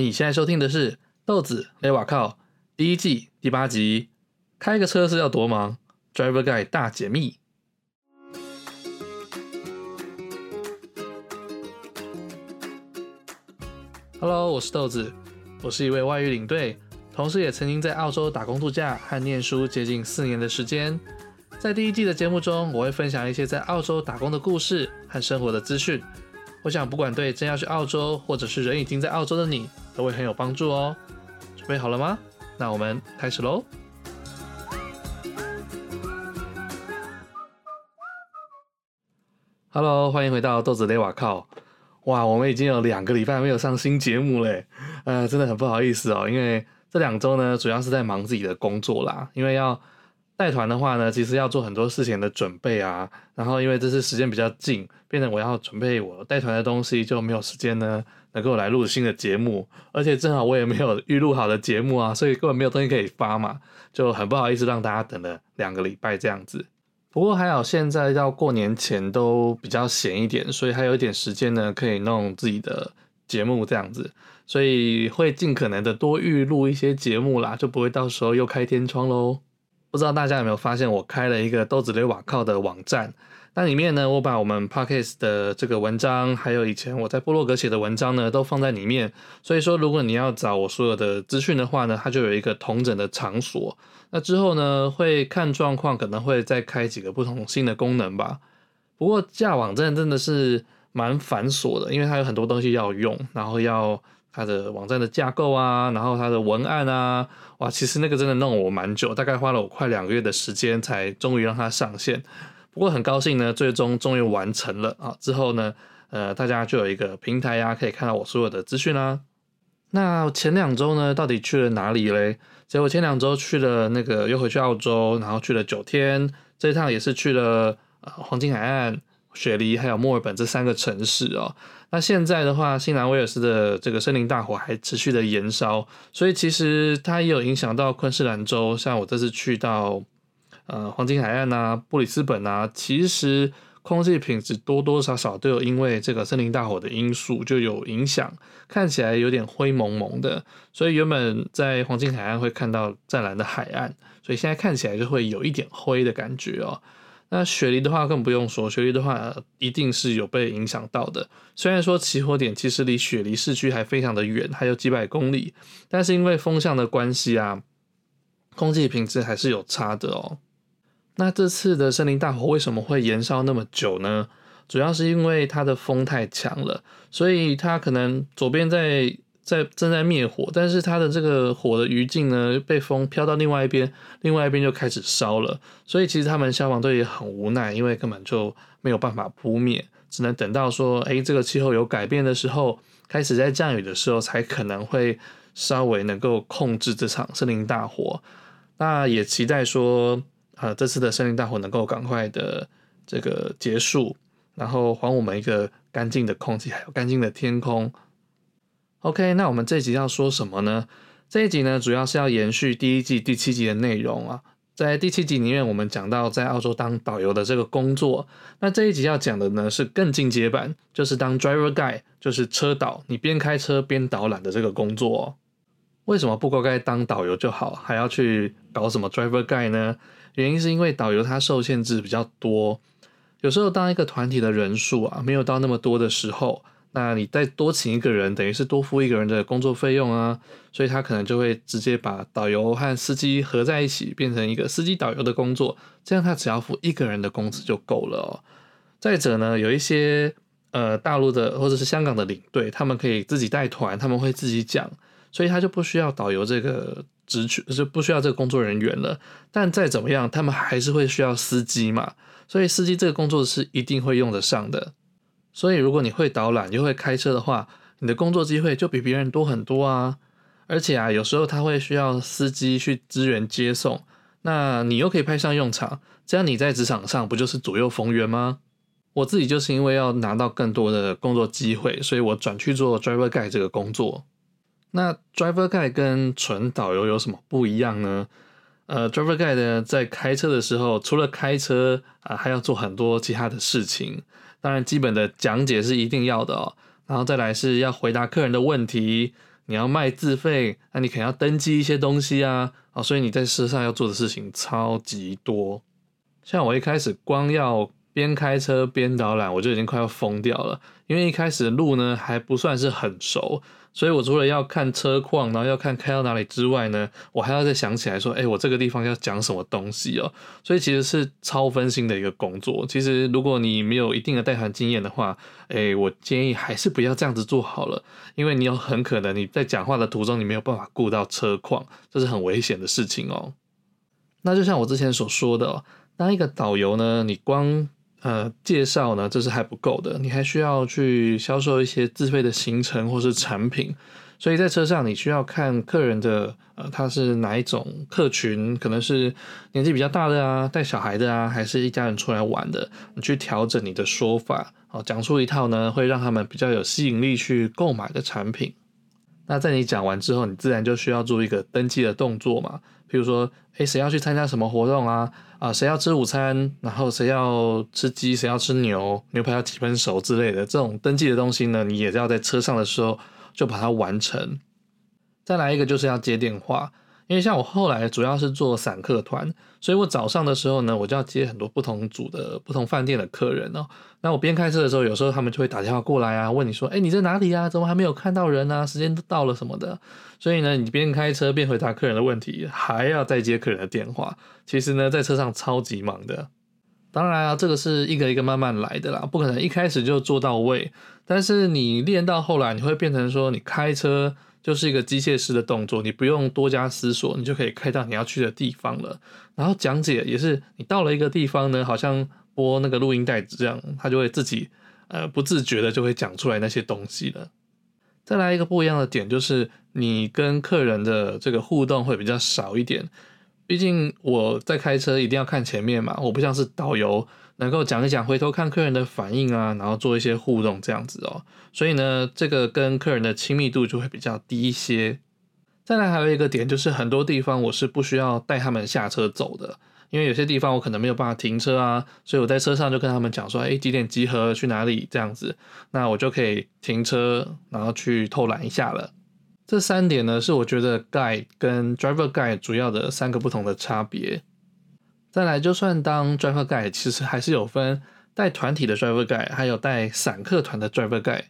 你現在收聽的是《豆子雷瓦靠》第一季第八集，《開個車是要多忙？Driver Guide 大解密》。Hello，我是豆子，我是一位外語領隊，同時也曾經在澳洲打工度假和念書接近四年的時間。在第一季的節目中，我會分享一些在澳洲打工的故事和生活的資訊。我想，不管對正要去澳洲，或者是人已經在澳洲的你，都會很有幫助哦、喔。準備好了嗎？那我們開始嘍！Hello，歡迎回到豆子雷瓦靠！哇，我們已經有兩個禮拜沒有上新節目嘞、呃，真的很不好意思哦、喔，因為這兩周呢，主要是在忙自己的工作啦，因為要。帶團的話呢，其實要做很多事情的準備啊。然後因為這次時間比較近，變成我要準備我帶團的東西，就沒有時間呢，能夠來錄新的節目。而且正好我也沒有預錄好的節目啊，所以根本沒有東西可以發嘛，就很不好意思讓大家等了兩個禮拜這樣子。不過還好，現在到過年前都比較閒一點，所以還有一點時間呢，可以弄自己的節目這樣子。所以會盡可能的多預錄一些節目啦，就不會到時候又開天窗嘍。不知道大家有沒有發現，我開了一個豆子類瓦靠的網站，那裡面呢，我把我們 Podcast 的這個文章，還有以前我在部落格寫的文章呢，都放在裡面。所以說，如果你要找我所有的資訊的話呢，它就有一個統整的場所。那之後呢，會看狀況，可能會再開幾個不同新的功能吧。不過架網站真，真的是蠻繁瑣的，因為它有很多東西要用，然後要。它的網站的架構啊，然後它的文案啊，哇，其實那個真的弄了我蠻久，大概花了我快兩個月的時間，才終於讓它上線。不過很高興呢，最終終於完成了啊！之後呢，呃，大家就有一個平台呀、啊，可以看到我所有的資訊啦、啊。那前兩周呢，到底去了哪裡嘞？結果前兩周去了那個，又回去澳洲，然後去了九天，這一趟也是去了、呃、黃金海岸。雪梨、還有墨爾本這三個城市哦。那現在的話，新南威爾斯的這個森林大火還持續的延燒，所以其實它也有影響到昆士蘭州。像我這次去到呃黃金海岸吶、啊、布里斯本吶、啊，其實空氣品質多多少少都有因為這個森林大火的因素就有影響，看起來有點灰蒙蒙的。所以原本在黃金海岸會看到湛藍的海岸，所以現在看起來就會有一點灰的感覺哦。那雪梨的話更不用說，雪梨的話一定是有被影響到的。雖然說起火點其實離雪梨市區還非常的遠，還有幾百公里，但是因為風向的關係啊，空氣品質還是有差的哦。那這次的森林大火為什麼會延燒那麼久呢？主要是因為它的風太強了，所以它可能左邊在。在正在滅火，但是它的這個火的餘燼呢，被風飄到另外一邊，另外一邊就開始燒了。所以其實他們消防隊也很無奈，因為根本就沒有辦法撲滅，只能等到說，哎、欸，這個氣候有改變的時候，開始在降雨的時候，才可能會稍微能夠控制這場森林大火。那也期待說，呃，這次的森林大火能夠趕快的這個結束，然後還我們一個乾淨的空氣，還有乾淨的天空。OK，那我們這一集要說什麼呢？這一集呢，主要是要延續第一季第七集的內容啊。在第七集裡面，我們講到在澳洲當導遊的這個工作。那這一集要講的呢，是更進階版，就是當 Driver Guide，就是車導，你邊開車邊導覽的這個工作。為什麼不乖乖當導遊就好，還要去搞什麼 Driver Guide 呢？原因是因為導遊他受限制比較多，有時候當一個團體的人數啊，沒有到那麼多的時候。那你再多請一個人，等於是多付一個人的工作費用啊，所以他可能就會直接把導遊和司機合在一起，變成一個司機導遊的工作，這樣他只要付一個人的工資就夠了哦。再者呢，有一些呃大陸的或者是香港的領隊，他們可以自己帶團，他們會自己講，所以他就不需要導遊這個職缺，就不需要這個工作人員了。但再怎麼樣，他們還是會需要司機嘛，所以司機這個工作是一定會用得上的。所以，如果你會導覽又會開車的話，你的工作機會就比別人多很多啊！而且啊，有時候他會需要司機去支援接送，那你又可以派上用場，這樣你在職場上不就是左右逢源嗎？我自己就是因為要拿到更多的工作機會，所以我轉去做 driver guide 這個工作。那 driver guide 跟純導遊有什麼不一樣呢？呃，driver guide 呢，在開車的時候，除了開車啊，呃，還要做很多其他的事情。當然，基本的講解是一定要的哦。然後再來是要回答客人的問題，你要賣自費，那、啊、你肯定要登記一些東西啊。哦，所以你在車上要做的事情超級多。像我一開始光要邊開車邊導覽，我就已經快要瘋掉了，因為一開始的路呢還不算是很熟。所以，我除了要看車況，然後要看開到哪裡之外呢，我還要再想起來說，欸，我這個地方要講什麼東西喔。所以，其實是超分心的一個工作。其實，如果你沒有一定的帶團經驗的話，欸，我建議還是不要這樣子做好了，因為你有很可能你在講話的途中，你沒有辦法顧到車況，這是很危險的事情喔。那就像我之前所說的喔，當一個導遊呢，你光。呃，介紹呢，這是還不夠的，你還需要去銷售一些自費的行程或是產品，所以在車上你需要看客人的，呃，他是哪一種客群，可能是年紀比較大的啊，帶小孩的啊，還是一家人出來玩的，你去調整你的說法，哦，講出一套呢，會讓他們比較有吸引力去購買的產品。那在你講完之後，你自然就需要做一個登記的動作嘛。譬如說，哎、欸，誰要去參加什麼活動啊？啊，誰要吃午餐？然後誰要吃雞？誰要吃牛？牛排要幾分熟之類的這種登記的東西呢？你也是要在車上的時候就把它完成。再來一個就是要接電話。因為像我後來主要是做散客團，所以我早上的時候呢，我就要接很多不同組的不同飯店的客人哦。那我邊開車的時候，有時候他們就會打電話過來啊，問你說：“哎，你在哪裡啊？怎麼還沒有看到人啊？時間都到了什麼的？”所以呢，你邊開車邊回答客人的問題，還要再接客人的電話，其實呢，在車上超級忙的。當然啊，這個是一個一個慢慢來的啦，不可能一開始就做到位。但是你練到後來，你會變成說，你開車，就是一個機械式的動作，你不用多加思索，你就可以開到你要去的地方了。然後講解也是，你到了一個地方呢，好像播那個錄音帶這樣，他就會自己呃不自覺的就會講出來那些東西了。再來一個不一樣的點，就是你跟客人的這個互動會比較少一點，畢竟我在開車一定要看前面嘛，我不像是導遊。能夠講一講，回頭看客人的反應啊，然後做一些互動這樣子哦。所以呢，這個跟客人的親密度就會比較低一些。再來還有一個點，就是很多地方我是不需要帶他們下車走的，因為有些地方我可能沒有辦法停車啊，所以我在車上就跟他們講說，哎，幾點集合去哪裡這樣子，那我就可以停車，然後去偷懶一下了。這三點呢，是我覺得 guide 跟 driver guide 主要的三個不同的差別。再來，就算當 driver guide，其實還是有分帶團體的 driver guide，還有帶散客團的 driver guide。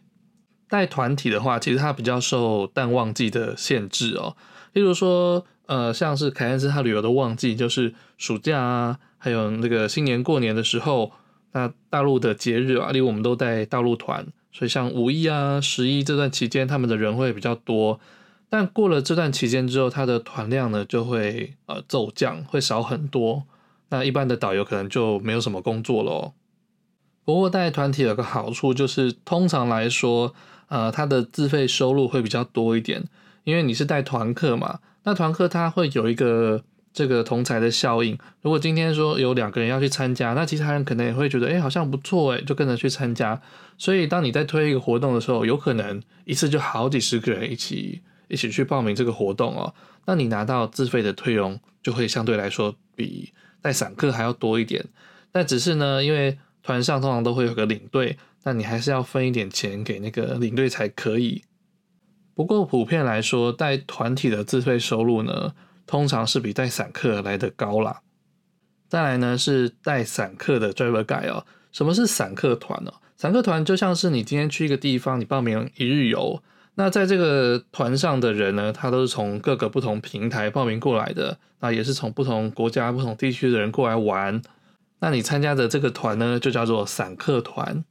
帶團體的話，其實它比較受淡旺季的限制哦、喔。例如說，呃，像是凱恩斯，他旅遊的旺季就是暑假啊，還有那個新年過年的時候，那大陸的節日啊，例如我們都帶大陸團，所以像五一啊、十一這段期間，他們的人會比較多。但過了這段期間之後，他的團量呢就會呃驟降，會少很多。那一般的導遊可能就沒有什麼工作了哦。不過帶團體有個好處，就是通常來說，呃，他的自費收入會比較多一點，因為你是帶團客嘛。那團客他會有一個這個同儕的效應。如果今天說有兩個人要去參加，那其他人可能也會覺得，哎、欸，好像不錯哎、欸，就跟着去參加。所以當你在推一個活動的時候，有可能一次就好幾十個人一起。一起去報名這個活動哦，那你拿到自費的推用就會相對來說比帶散客還要多一點。但只是呢，因為團上通常都會有個領隊，那你還是要分一點錢給那個領隊才可以。不過普遍來說，帶團體的自費收入呢，通常是比帶散客來得高啦。再來呢，是帶散客的 driver guide 哦。什麼是散客團呢、哦？散客團就像是你今天去一個地方，你報名一日遊。那在這個團上的人呢，他都是從各個不同平台報名過來的，那也是從不同國家、不同地區的人過來玩。那你參加的這個團呢，就叫做散客團。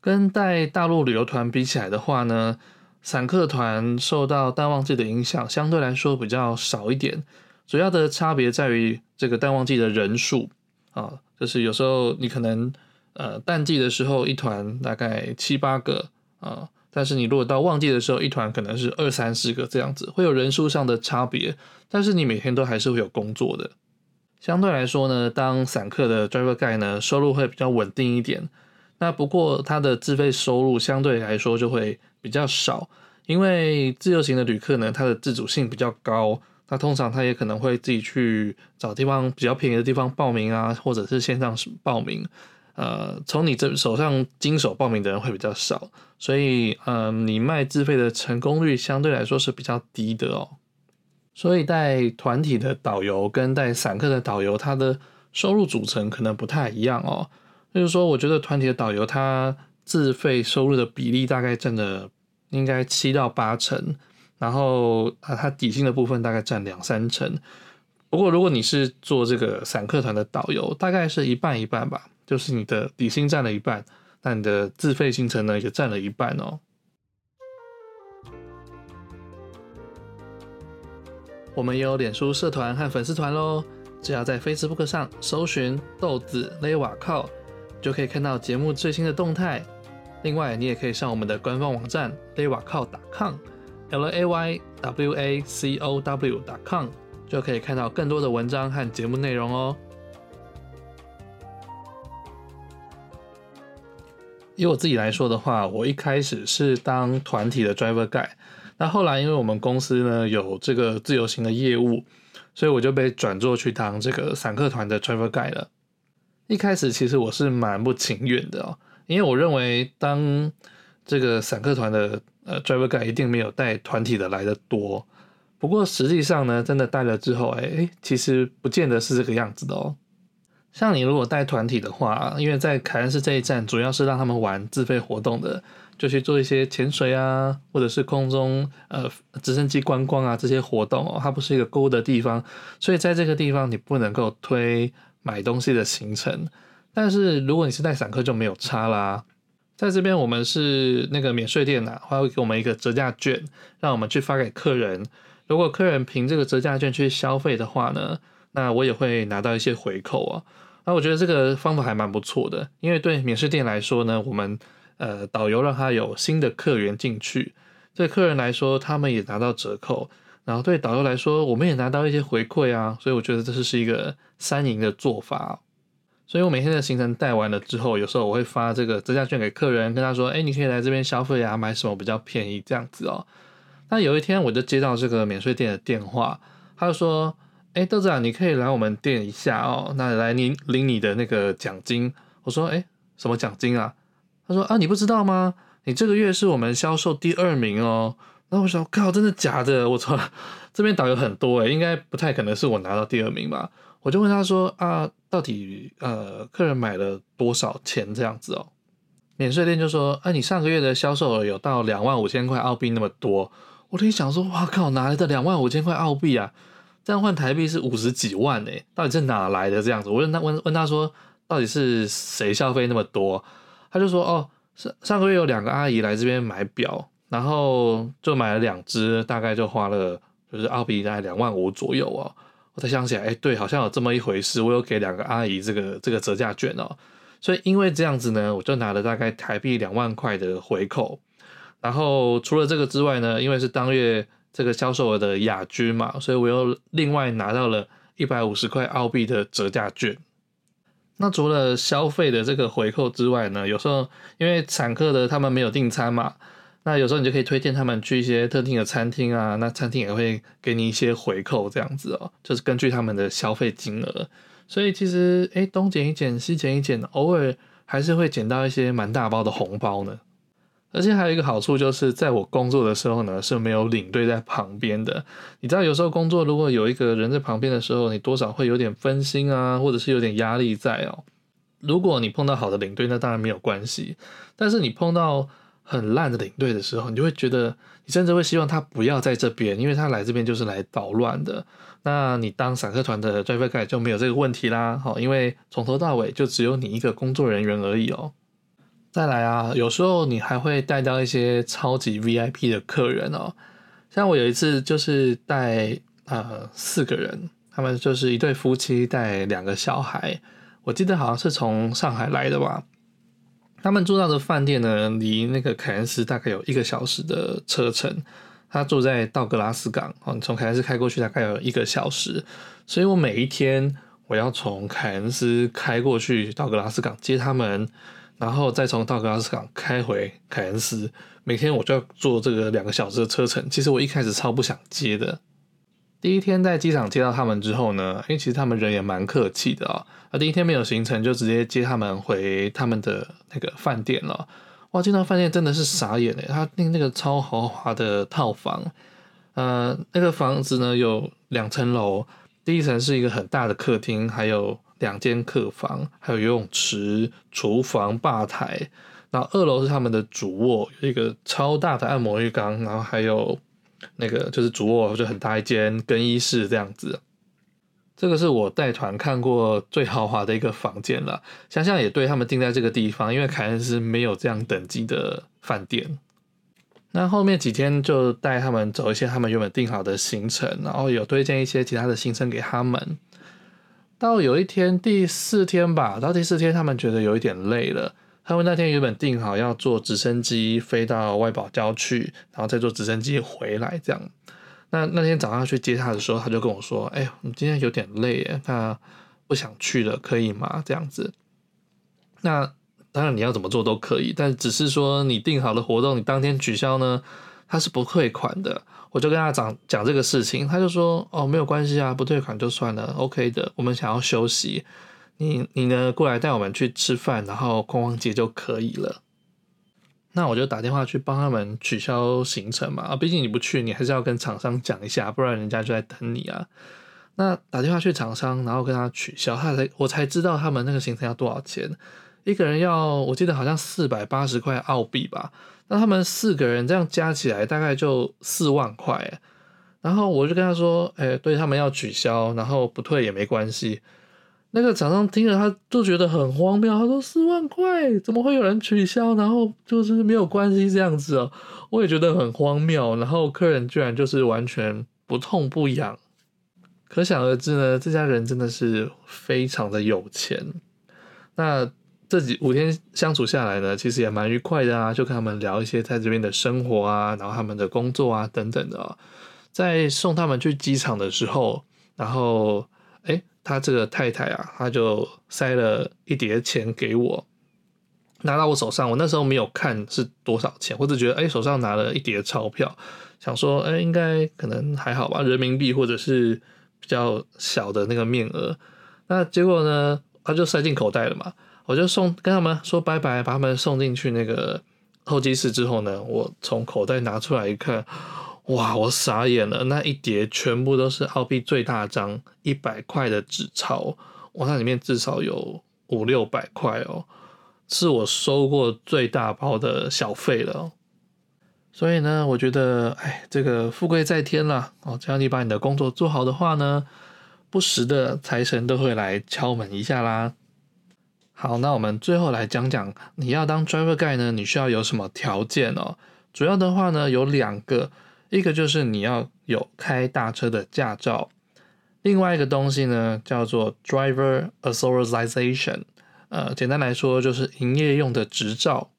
跟在大陸旅遊團比起來的話呢，散客團受到淡旺季的影響相對來說比較少一點。主要的差別在於這個淡旺季的人數啊，就是有時候你可能呃淡季的時候，一團大概七八個啊。但是你如果到旺季的時候，一團可能是二三十個這樣子，會有人數上的差別。但是你每天都還是會有工作的。相對來說呢，當散客的 Driver Guide 呢，收入會比較穩定一點。那不過他的自費收入相對來說就會比較少，因為自由行的旅客呢，他的自主性比較高。他通常他也可能會自己去找地方比較便宜的地方報名啊，或者是線上報名。呃，從你這手上經手報名的人會比較少，所以呃，你賣自費的成功率相對來說是比較低的哦。所以帶團體的導遊跟帶散客的導遊，他的收入組成可能不太一樣哦。就是說，我覺得團體的導遊他自費收入的比例大概佔了應該七到八成，然後啊，他底薪的部分大概佔兩三成。不過如果你是做這個散客團的導遊，大概是一半一半吧。就是你的底薪佔了一半，那你的自費行程呢，也佔了一半哦。我們也有臉書社團和粉絲團嘍，只要在 Facebook 上搜尋豆子雷瓦靠，就可以看到節目最新的動態。另外，你也可以上我們的官方網站 laywacow.com，l a y w a c o w.com，就可以看到更多的文章和節目內容哦。以我自己來說的話，我一開始是當團體的 Driver Guide，那後來因為我們公司呢有這個自由行的業務，所以我就被轉做去當這個散客團的 Driver Guide 了。一開始其實我是蠻不情願的喔，因為我認為當這個散客團的呃 Driver Guide 一定沒有帶團體的來得多。不過實際上呢，真的帶了之後，欸，其實不見得是這個樣子的喔。像你如果帶團體的話，啊，因為在凱恩斯這一站主要是讓他們玩自費活動的，就去做一些潛水啊，或者是空中呃直升機觀光啊這些活動哦，喔，它不是一個購物的地方，所以在這個地方你不能夠推買東西的行程。但是如果你是帶散客就沒有差啦，在這邊我們是那個免稅店吶，啊，他會給我們一個折價券，讓我們去發給客人。如果客人憑這個折價券去消費的話呢，那我也會拿到一些回扣啊，喔。那、啊、我覺得這個方法還蠻不錯的，因為對免稅店來說呢，我們呃導遊讓他有新的客源進去，對客人來說他們也拿到折扣，然後對導遊來說我們也拿到一些回饋啊，所以我覺得這是一個三贏的做法。所以我每天的行程帶完了之後，有時候我會發這個折價券給客人，跟他說：“哎，你可以來這邊消費啊，買什麼比較便宜這樣子哦。”那有一天我就接到這個免稅店的電話，他就說：哎，豆子啊，你可以來我們店一下哦。那來領，您領你的那個獎金。我說，哎，什麼獎金啊？他說，啊，你不知道嗎？你這個月是我們銷售第二名哦。然後我想，靠，真的假的？我操，這邊導遊很多哎，應該不太可能是我拿到第二名吧？我就問他說，啊，到底呃，客人買了多少錢這樣子哦？免稅店就說，啊，你上個月的銷售額有到兩萬五千塊澳幣那麼多。我心想說，哇靠，哪來的兩萬五千塊澳幣啊？這樣換台幣是五十幾萬誒、欸，到底是哪來的這樣子？我問他，問問他說，到底是誰消費那麼多？他就說，哦，是上個月有兩個阿姨來這邊買錶，然後就買了兩隻，大概就花了就是澳幣大概兩萬五左右哦、喔，我才想起來，哎、欸，對，好像有這麼一回事，我有給兩個阿姨這個這個折價券哦、喔。所以因為這樣子呢，我就拿了大概台幣兩萬塊的回扣。然後除了這個之外呢，因為是當月。這個銷售額的亞軍嘛，所以我又另外拿到了一百五十塊澳幣的折價券。那除了消費的這個回扣之外呢，有時候因為散客的他們沒有訂餐嘛，那有時候你就可以推薦他們去一些特定的餐廳啊，那餐廳也會給你一些回扣這樣子哦，就是根據他們的消費金額。所以其實哎，東撿一撿，西撿一撿，偶爾還是會撿到一些蠻大包的紅包呢。而且還有一個好處就是，在我工作的時候呢，是沒有領隊在旁邊的。你知道，有時候工作如果有一個人在旁邊的時候，你多少會有點分心啊，或者是有點壓力在哦。如果你碰到好的領隊，那當然沒有關係。但是你碰到很爛的領隊的時候，你就會覺得，你甚至會希望他不要在這邊，因為他來這邊就是來搗亂的。那你當散客團的 Driver Guide 就沒有這個問題啦，好，因為從頭到尾就只有你一個工作人員而已哦。再來啊！有時候你還會帶到一些超級 VIP 的客人哦，像我有一次就是帶呃四個人，他們就是一對夫妻帶兩個小孩，我記得好像是從上海來的吧。他們住到的飯店呢，離那個凱恩斯大概有一個小時的車程。他住在道格拉斯港，從凱恩斯開過去大概有一個小時，所以我每一天我要從凱恩斯開過去道格拉斯港接他們。然後再從道格拉斯港開回凱恩斯，每天我就要坐這個兩個小時的車程。其實我一開始超不想接的。第一天在機場接到他們之後呢，因為其實他們人也蠻客氣的啊、哦。那第一天沒有行程，就直接接他們回他們的那個飯店了、哦。哇，進到飯店真的是傻眼耶！他訂那個超豪華的套房，呃，那個房子呢有兩層樓，第一層是一個很大的客廳，還有，兩間客房，還有游泳池、廚房、吧台。然後二樓是他們的主臥，有一個超大的按摩浴缸，然後還有那個就是主臥就很大一間更衣室這樣子。這個是我帶團看過最豪華的一個房間了。想想也對，他們定在這個地方，因為凱恩斯沒有這樣等級的飯店。那後，後面幾天就帶他們走一些他們原本定好的行程，然後有推薦一些其他的行程給他們。到有一天，第四天吧，到第四天他們覺得有一點累了。他們那天原本訂好要坐直升機飛到外堡礁去，然後再坐直升機回來這樣。那那天早上去接他的時候，他就跟我說：“哎、欸，我們今天有點累耶，他不想去了，可以嗎？”這樣子。那當然你要怎麼做都可以，但只是說你訂好的活動你當天取消呢，他是不退款的，我就跟他講講這個事情，他就說哦，沒有關係啊，不退款就算了，OK 的，我們想要休息，你你呢，過來帶我們去吃飯，然後逛逛街就可以了。那我就打電話去幫他們取消行程嘛，啊，畢竟你不去，你還是要跟廠商講一下，不然人家就在等你啊。那打電話去廠商，然後跟他取消，他才我才知道他們那個行程要多少錢。一個人要，我記得好像四百八十塊澳幣吧。那他們四個人這樣加起來大概就四萬塊。然後我就跟他說：“哎、欸，對，他們要取消，然後不退也沒關係。”那個廠商聽了他就覺得很荒謬，他說塊：“四萬塊怎麼會有人取消？然後就是沒有關係這樣子、喔。”我也覺得很荒謬。然後客人居然就是完全不痛不癢，可想而知呢，這家人真的是非常的有錢。那。這幾五天相處下來呢，其實也蠻愉快的啊，就跟他們聊一些在這邊的生活啊，然後他們的工作啊等等的哦。在送他們去機場的時候，然後哎，他這個太太啊，他就塞了一疊錢給我，拿到我手上，我那時候沒有看是多少錢，或者覺得哎手上拿了一疊鈔票，想說哎應該可能還好吧，人民幣或者是比較小的那個面額。那結果呢，他就塞進口袋了嘛。我就送跟他們說拜拜，把他們送進去那個候機室之後呢，我從口袋拿出來一看，哇，我傻眼了！那一疊全部都是澳幣最大張一百塊的紙鈔，哇，那裡面至少有五六百塊哦，是我收過最大包的小費了。所以呢，我覺得哎，這個富貴在天啦哦，只要你把你的工作做好的話呢，不時的財神都會來敲門一下啦。好，那我們最後來講講，你要當 Driver Guide 呢，你需要有什麼條件哦？主要的話呢有兩個，一個就是你要有開大車的駕照，另外一個東西呢叫做 Driver Authorization，呃，簡單來說就是營業用的執照。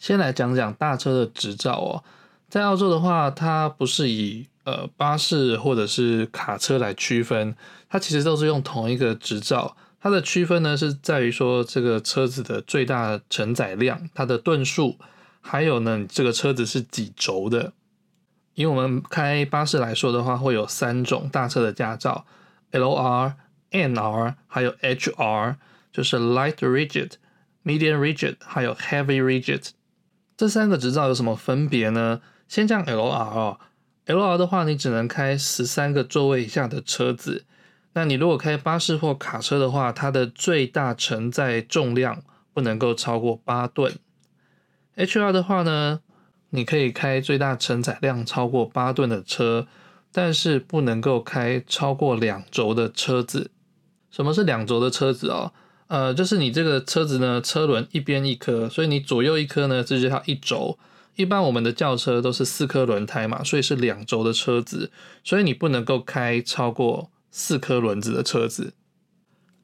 先來講講大車的執照哦，在澳洲的話，它不是以呃巴士或者是卡車來區分，它其實都是用同一個執照。它的區分呢，是在於說這個車子的最大承載量、它的噸數，還有呢，你這個車子是幾軸的。以我們開巴士來說的話，會有三種大車的駕照：L R、M R，還有 H R，就是 Light Rigid、Medium Rigid，還有 Heavy Rigid。這三個執照有什麼分別呢？先講 L R，L R 的話，你只能開十三個座位以下的車子。那你如果開巴士或卡車的話，它的最大承載重量不能夠超過八噸。HR 的話呢，你可以開最大承載量超過八噸的車，但是不能夠開超過兩軸的車子。什麼是兩軸的車子哦？呃，就是你這個車子呢，車輪一邊一顆，所以你左右一顆呢，這就叫一軸。一般我們的轎車都是四顆輪胎嘛，所以是兩軸的車子，所以你不能夠開超過。四顆輪子的車子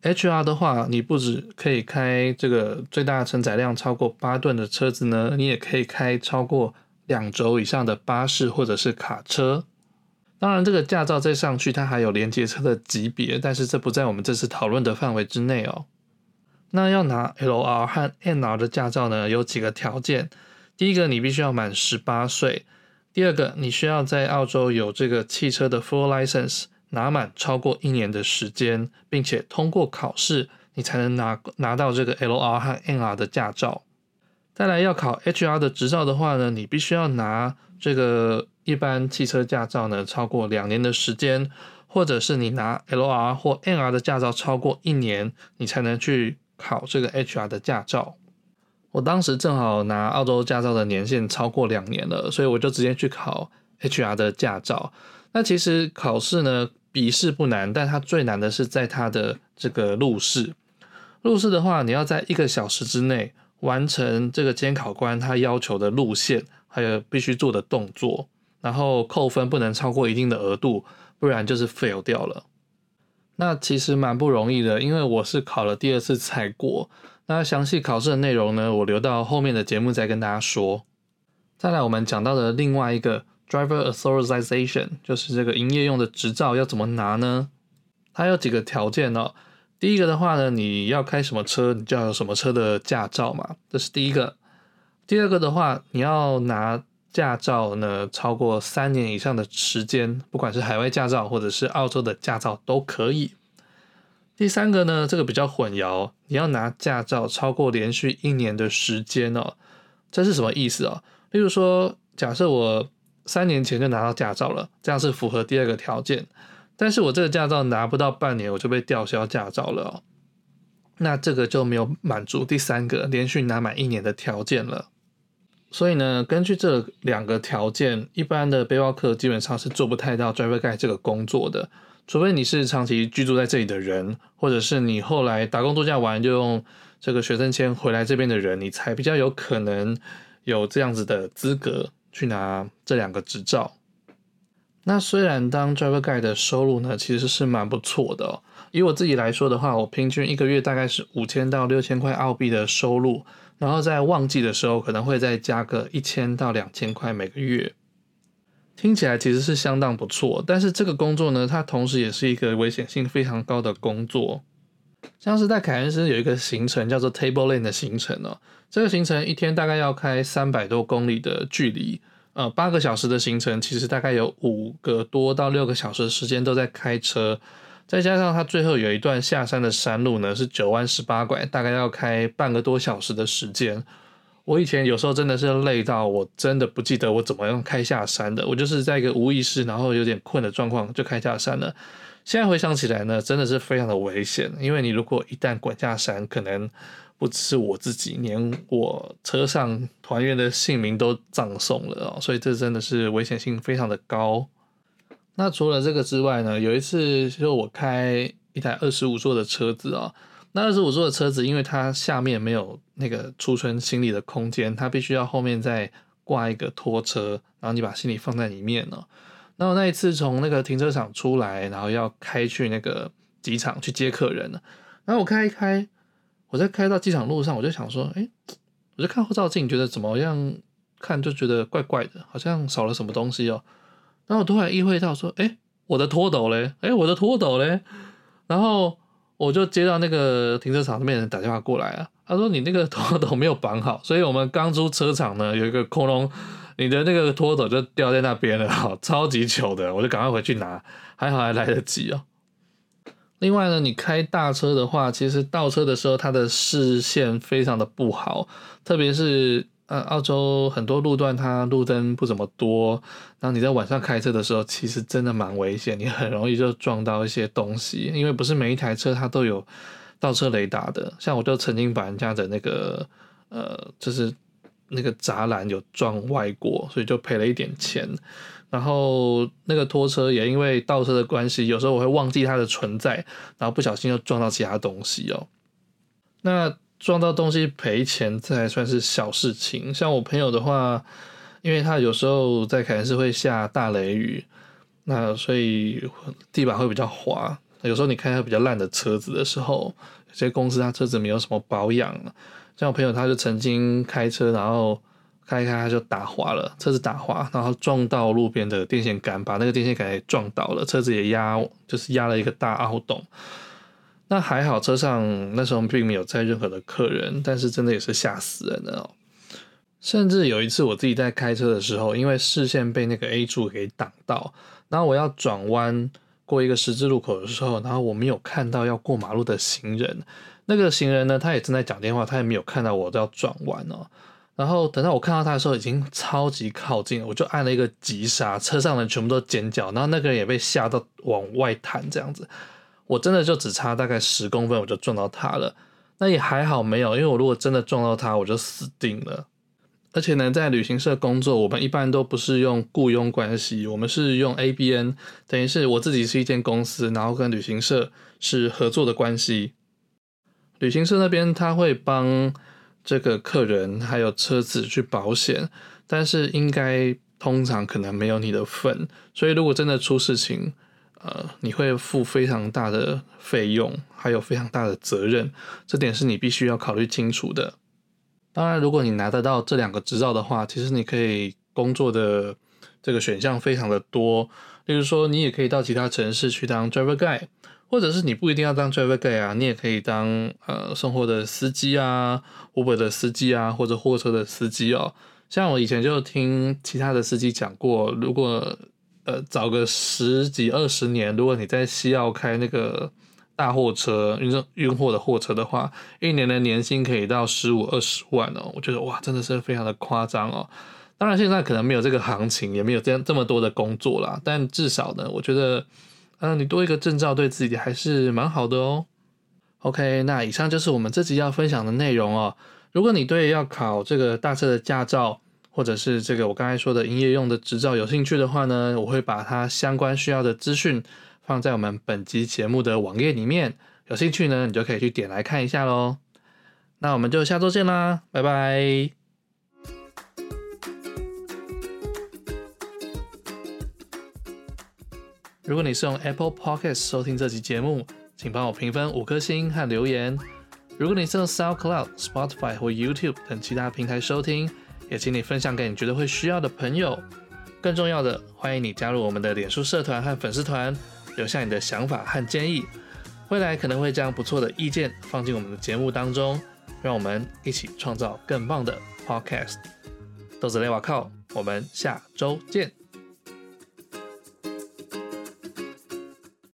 ，HR 的話，你不止可以開這個最大承載量超過八噸的車子呢，你也可以開超過兩軸以上的巴士或者是卡車。當然，這個駕照再上去，它還有連接車的級別，但是這不在我們這次討論的範圍之內哦。那要拿 LR 和 MR 的駕照呢，有幾個條件：第一個，你必須要滿十八歲；第二個，你需要在澳洲有這個汽車的 Full License。拿滿超過一年的時間，並且通過考試，你才能拿拿到這個 L R 和 M R 的駕照。再來要考 H R 的執照的話呢，你必須要拿這個一般汽車駕照呢超過兩年的時間，或者是你拿 L R 或 M R 的駕照超過一年，你才能去考這個 H R 的駕照。我當時正好拿澳洲駕照的年限超過兩年了，所以我就直接去考 H R 的駕照。那其實考試呢，筆試不難，但它最難的是在它的這個路試。路試的話，你要在一個小時之內完成這個監考官他要求的路線，還有必須做的動作，然後扣分不能超過一定的額度，不然就是 fail 掉了。那其實蠻不容易的，因為我是考了第二次才過。那詳細考試的內容呢，我留到後面的節目再跟大家說。再來，我們講到的另外一個。Driver Authorization 就是這個營業用的執照要怎麼拿呢？它有幾個條件哦。第一個的話呢，你要開什麼車，你就要有什麼車的駕照嘛，這是第一個。第二個的話，你要拿駕照呢，超過三年以上的時間，不管是海外駕照或者是澳洲的駕照都可以。第三個呢，這個比較混淆哦，你要拿駕照超過連續一年的時間哦。這是什麼意思哦？例如說，假設我三年前就拿到駕照了，這樣是符合第二個條件。但是我這個駕照拿不到半年，我就被吊銷駕照了哦。那這個就沒有滿足第三個連續拿滿一年的條件了。所以呢，根據這兩個條件，一般的背包客基本上是做不太到 Driver Guide 這個工作的，除非你是長期居住在這裡的人，或者是你後來打工度假完就用這個學生簽回來這邊的人，你才比較有可能有這樣子的資格。去拿這兩個執照。那雖然當 Driver Guide 的收入呢，其實是蠻不錯的哦、喔。以我自己來說的話，我平均一個月大概是五千到六千塊澳幣的收入，然後在旺季的時候可能會再加個一千到兩千塊每個月。聽起來其實是相當不錯，但是這個工作呢，它同時也是一個危險性非常高的工作。像是在凱恩斯有一個行程叫做 Tablelands 的行程哦，這個行程一天大概要開三百多公里的距離，呃，八個小時的行程，其實大概有五個多到六個小時的時間都在開車，再加上它最後有一段下山的山路呢，是九彎十八拐，大概要開半個多小時的時間。我以前有時候真的是累到我真的不記得我怎麼樣開下山的，我就是在一個無意識，然後有點困的狀況就開下山了。現在回想起來呢，真的是非常的危險，因為你如果一旦滾下山，可能不只是我自己，連我車上團員的性命都葬送了哦，所以這真的是危險性非常的高。那除了這個之外呢，有一次就我開一台二十五座的車子啊、哦，那二十五座的車子，因為它下面沒有那個儲存行李的空間，它必須要後面再掛一個拖車，然後你把行李放在裡面呢、哦。然後那一次從那個停車場出來，然後要開去那個機場去接客人。然後我開一開，我在開到機場路上，我就想說，哎，我就看後照鏡，覺得怎麼樣看就覺得怪怪的，好像少了什麼東西哦。然後我突然意會到說，哎，我的拖斗嘞，哎，我的拖斗嘞。然後我就接到那個停車場那邊人打電話過來啊，他說你那個拖斗沒有綁好，所以我們剛出車場呢，有一個空中你的那個拖斗就掉在那邊了，超級糗的，我就趕快回去拿，還好還來得及哦。另外呢，你開大車的話，其實倒車的時候它的視線非常的不好，特別是呃，澳洲很多路段它路燈不怎麼多，然後你在晚上開車的時候，其實真的蠻危險，你很容易就撞到一些東西，因為不是每一台車它都有倒車雷達的，像我就曾經把人家的那個呃，就是。那個柵欄有撞外國，所以就賠了一點錢。然後那個拖車也因為倒車的關係，有時候我會忘記它的存在，然後不小心又撞到其他東西哦、喔。那撞到東西賠錢，這還算是小事情。像我朋友的話，因為他有時候在凱恩斯會下大雷雨，那所以地板會比較滑。有時候你看到比較爛的車子的時候，有些公司他車子沒有什麼保養。像我朋友，他就曾經開車，然後開開，他就打滑了，車子打滑，然後撞到路邊的電線桿，把那個電線桿也撞倒了，車子也壓，就是壓了一個大凹洞。那還好，車上那時候並沒有載任何的客人，但是真的也是嚇死人了哦。甚至有一次我自己在開車的時候，因為視線被那個 A 柱給擋到，然後我要轉彎過一個十字路口的時候，然後我沒有看到要過馬路的行人。那個行人呢，他也正在講電話，他也沒有看到我都要轉彎哦。然後等到我看到他的時候，已經超級靠近了，我就按了一個急剎，車上的人全部都尖叫，然後那個人也被嚇到往外彈，這樣子。我真的就只差大概十公分，我就撞到他了。那也還好沒有，因為我如果真的撞到他，我就死定了。而且呢，在旅行社工作，我們一般都不是用雇傭關係，我們是用 ABN，等於是我自己是一間公司，然後跟旅行社是合作的關係。旅行社那邊他會幫這個客人還有車子去保險，但是應該通常可能沒有你的份，所以如果真的出事情，呃，你會付非常大的費用，還有非常大的責任，這點是你必須要考慮清楚的。當然，如果你拿得到這兩個執照的話，其實你可以工作的這個選項非常的多，例如說你也可以到其他城市去當 Driver Guide。或者是你不一定要當 Driver Guide 啊，你也可以當呃送貨的司機啊，Uber 的司機啊，或者貨車的司機哦、喔。像我以前就聽其他的司機講過，如果呃找個十幾二十年，如果你在西澳開那個大貨車運運貨的貨車的話，一年的年薪可以到十五二十萬哦、喔。我覺得哇，真的是非常的誇張哦。當然現在可能沒有這個行情，也沒有這樣這麼多的工作啦。但至少呢，我覺得。那你多一個證照，對自己還是蠻好的哦。OK，那以上就是我們這集要分享的內容哦。如果你對要考這個大車的駕照，或者是這個我剛才說的營業用的執照有興趣的話呢，我會把它相關需要的資訊放在我們本集節目的網頁裡面。有興趣呢，你就可以去點來看一下嘍。那我們就下週見啦，拜拜。如果你是用 Apple Podcast 收聽這期節目，請幫我評分五顆星和留言。如果你是用 SoundCloud、Spotify 或 YouTube 等其他平台收聽，也請你分享給你覺得會需要的朋友。更重要的，歡迎你加入我們的臉書社團和粉絲團，留下你的想法和建議。未來可能會將不錯的意見放進我們的節目當中，讓我們一起創造更棒的 Podcast。豆子 Laywacow，我們下周見。